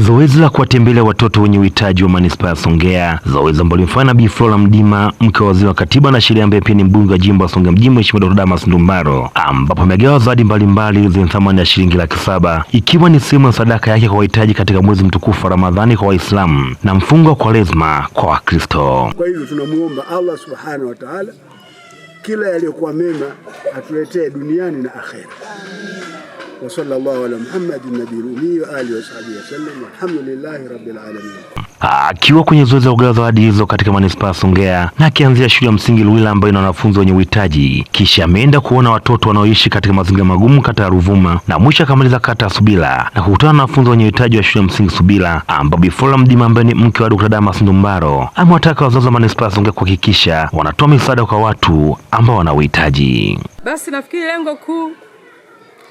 ni zoezi la kuwatembelea watoto wenye uhitaji wa manispaa ya Songea, zoezi ambalo limefanya Bi Flora Mdima, mke wa waziri wa katiba na sheria, ambaye pia ni mbunge wa jimbo la Songea mjini, Mheshimiwa Dr. Damas Ndumbaro, ambapo amegawa zawadi mbalimbali zenye thamani ya shilingi laki saba ikiwa ni sehemu ya sadaka yake kwa wahitaji katika mwezi mtukufu wa Ramadhani kwa Waislamu na mfungo wa Kwaresma kwa Wakristo. Kwa hivyo tunamwomba Allah subhanahu wa taala kila yaliyokuwa mema atuletee duniani na akhera. وصلى الله على محمد النبي ummi وآله وصحبه وسلم والحمد لله رب العالمين Akiwa kwenye zoezi la kugawa zawadi hizo katika manispaa ya Songea na akianzia shule ya msingi luila ambayo ina wanafunzi wenye uhitaji, kisha ameenda kuona watoto wanaoishi katika mazingira magumu kata ya Ruvuma na mwisho akamaliza kata ya Subila na kukutana na wanafunzi wenye uhitaji wa shule ya msingi Subila, ambapo Bifola Mdima ambaye ni mke wa Dkt. Damas Ndumbaro amewataka wazazi wa manispaa ya Songea kuhakikisha wanatoa misaada kwa watu ambao wana uhitaji. Basi nafikiri lengo kuu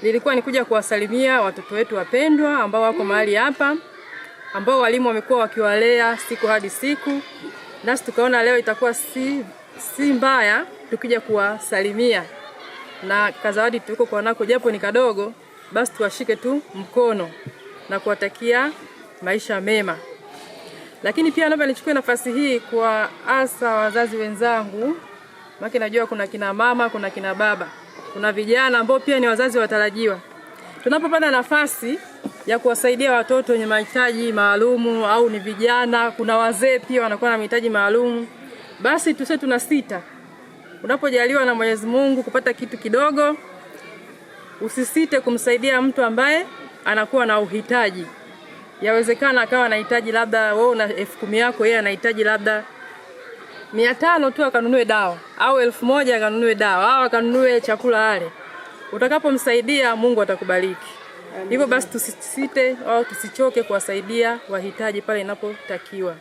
Nilikuwa nikuja kuwasalimia watoto wetu wapendwa ambao wako mahali hapa, ambao walimu wamekuwa wakiwalea siku hadi siku, nasi tukaona leo itakuwa si, si mbaya tukija kuwasalimia na kazawadi tuko kwa nako, japo ni kadogo, basi tuwashike tu mkono na kuwatakia maisha mema. Lakini pia naomba nichukue nafasi hii kwa asa wazazi wenzangu, maana najua kuna kina mama, kuna kina baba kuna vijana ambao pia ni wazazi watarajiwa. Tunapopata nafasi ya kuwasaidia watoto wenye mahitaji maalumu au ni vijana, kuna wazee pia wanakuwa na mahitaji maalumu, basi tusiwe tuna sita. Unapojaliwa na Mwenyezi Mungu kupata kitu kidogo, usisite kumsaidia mtu ambaye anakuwa na uhitaji. Yawezekana akawa anahitaji labda, wewe una elfu kumi yako, yeye anahitaji labda mia tano tu akanunue dawa au elfu moja akanunue dawa au akanunue chakula ale, utakapomsaidia Mungu atakubariki. Hivyo basi tusisite au tusichoke kuwasaidia wahitaji pale inapotakiwa.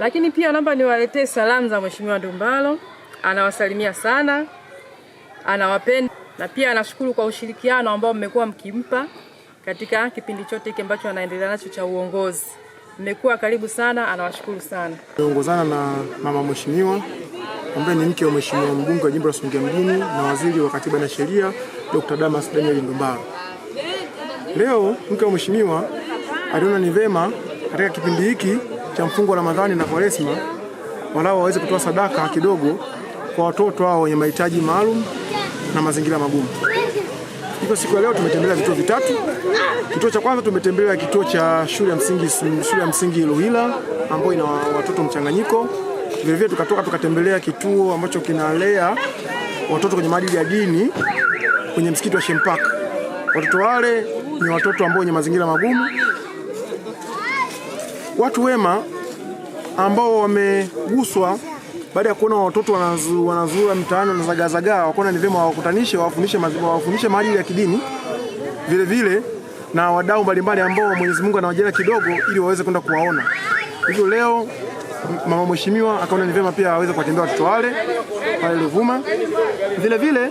Lakini pia naomba niwaletee salamu za Mheshimiwa Ndumbalo, anawasalimia sana, anawapenda na pia anashukuru kwa ushirikiano ambao mmekuwa mkimpa katika kipindi chote hiki ambacho anaendelea nacho cha uongozi mmekuwa karibu sana, anawashukuru sana. Niongozana na mama mheshimiwa ambaye ni mke wa mheshimiwa mbunge wa jimbo la Songea mjini na waziri wa katiba na sheria Dr. Damas Daniel Ndumbaro. Leo mke wa mheshimiwa aliona ni vema katika kipindi hiki cha mfungo wa Ramadhani na Kwaresma walao waweze kutoa sadaka kidogo kwa watoto hao wenye mahitaji maalum na mazingira magumu. Hivyo siku ya leo tumetembelea vituo vitatu. Kituo cha kwanza tumetembelea kituo cha shule ya msingi, shule ya msingi Luhila ambayo ina watoto mchanganyiko. Vilevile tukatoka tukatembelea kituo ambacho kinalea watoto kwenye maadili ya dini kwenye msikiti wa Shempak. Watoto wale ni watoto ambao wenye mazingira magumu, watu wema ambao wameguswa baada ya kuona watoto wanazua mtaani wanazagazagaa, wakaona ni vyema wawakutanishe, wawafundishe wawafundishe maadili ya kidini vile vile na wadau mbalimbali ambao Mwenyezi Mungu anawajalia kidogo ili waweze kwenda kuwaona. Hivyo leo mama mheshimiwa akaona ni vyema pia aweze kuwatembea watoto wale pale Ruvuma. Vile vile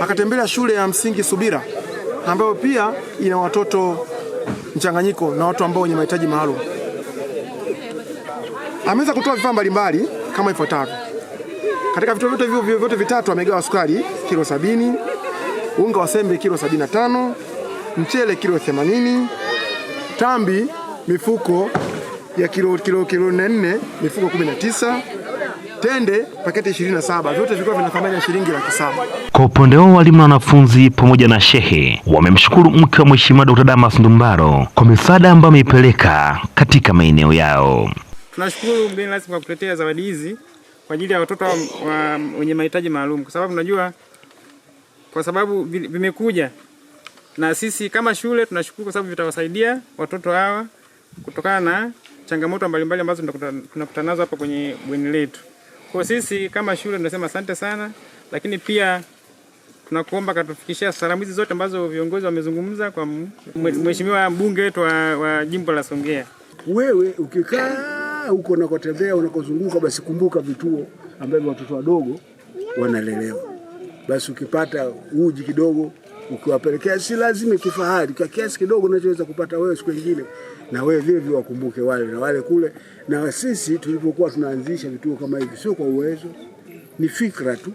akatembelea shule ya msingi Subira ambayo pia ina watoto mchanganyiko na watu ambao wenye mahitaji maalum. Ameweza kutoa vifaa mbalimbali kama ifuatavyo. Katika vitu vyote hivyo vyote vitatu amegawa sukari kilo sabini, unga wa sembe kilo sabini na tano, mchele kilo themanini, tambi mifuko ya kilo kilo kilo nne, mifuko kumi na tisa tende paketi 27 vyote vilikuwa vina thamani ya shilingi laki saba. Kwa upande wao walimu na wanafunzi pamoja na shehe wamemshukuru mke wa Mheshimiwa Dr. Damas Ndumbaro kwa misaada ambayo ameipeleka katika maeneo yao. Tunashukuru mgeni rasmi kwa kutuletea zawadi hizi kwa ajili ya watoto wenye mahitaji maalum, kwa sababu unajua, kwa sababu vimekuja na sisi kama shule tunashukuru kwa sababu vitawasaidia watoto hawa kutokana na changamoto mbalimbali ambazo tunakutana nazo hapa kwenye bweni letu. Kwa sisi kama shule tunasema asante sana, lakini pia tunakuomba katufikishia salamu hizi zote ambazo viongozi wamezungumza kwa mheshimiwa mbunge wetu wa, wa jimbo la Songea. Wewe ukikaa huko unakotembea unakozunguka, basi kumbuka vituo ambavyo watoto wadogo wanalelewa. Basi ukipata uji kidogo ukiwapelekea, si lazima kifahari, kwa kiasi kidogo unachoweza kupata wewe siku nyingine, na wewe vile vile wakumbuke wale na wale kule. Na sisi tulipokuwa tunaanzisha vituo kama hivi, sio kwa uwezo, ni fikra tu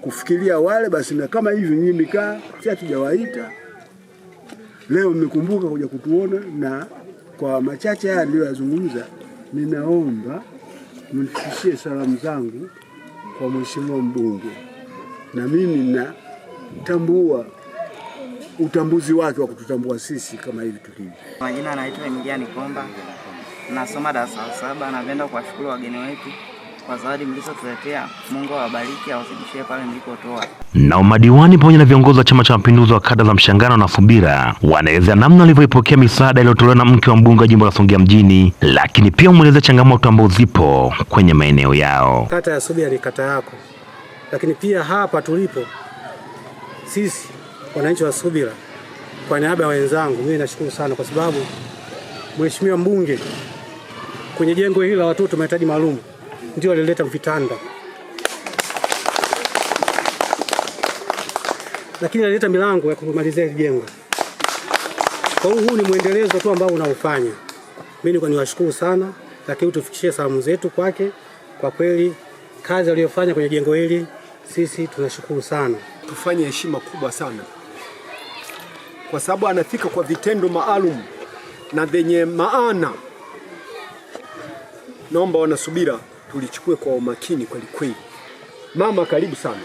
kufikiria wale basi, na kama hivi nyinyi mkaa, si hatujawaita leo, mmekumbuka kuja kutuona na kwa machache haya niliyoyazungumza, ninaomba mnifikishie salamu zangu kwa mheshimiwa mbunge, na mimi ninatambua utambuzi wake wa kututambua sisi kama hivi tulivyo. Majina anaitwa Emiliani Komba, nasoma darasa la saba. Napenda kuwashukuru wageni wetu kwa zawadi mlizotuletea. Mungu awabariki, awazidishie pale mlikotoa. Nao madiwani pamoja na viongozi wa Chama cha Mapinduzi wa kata za Mshangano na Fumbira wanaelezea namna walivyoipokea misaada iliyotolewa na mke wa mbunge wa jimbo la Songea Mjini, lakini pia umwelezea changamoto ambazo zipo kwenye maeneo yao. Kata ya Songea ni kata yako, lakini pia hapa tulipo sisi wananchi wa Subira, kwa niaba ya wenzangu, mimi nashukuru sana kwa sababu Mheshimiwa mbunge kwenye jengo hili la watoto mahitaji maalum ndio alileta vitanda, lakini alileta milango ya kumalizia jengo. Kwa hiyo huu ni mwendelezo tu ambao unaofanya. Mimi niko niwashukuru sana, lakini tufikishie salamu zetu kwake. Kwa kweli kazi aliyofanya kwenye jengo hili sisi tunashukuru sana. Tufanye heshima kubwa sana kwa sababu anafika kwa vitendo maalum na vyenye maana. Naomba wanasubira tulichukue kwa umakini kweli kweli. Mama, karibu sana.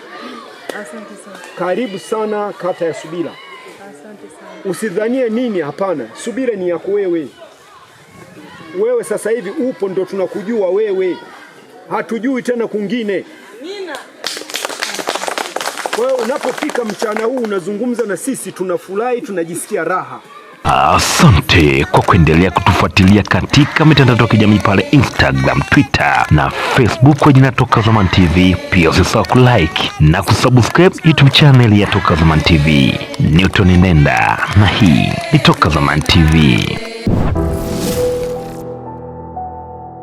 Asante sana. Karibu sana kata ya Subira. Asante sana. Usidhanie nini, hapana. Subira ni yako wewe. Wewe sasa hivi upo, ndo tunakujua wewe, hatujui tena kungine. Kwa hiyo unapofika mchana huu unazungumza na sisi, tunafurahi, tunajisikia raha. Asante kwa kuendelea kutufuatilia katika mitandao ya kijamii pale Instagram, Twitter na Facebook kwa jina Toka Zamani TV. Pia usisahau kulike na kusubscribe YouTube channel ya Toka Zamani TV. Newton Nenda na hii ni Toka Zamani TV.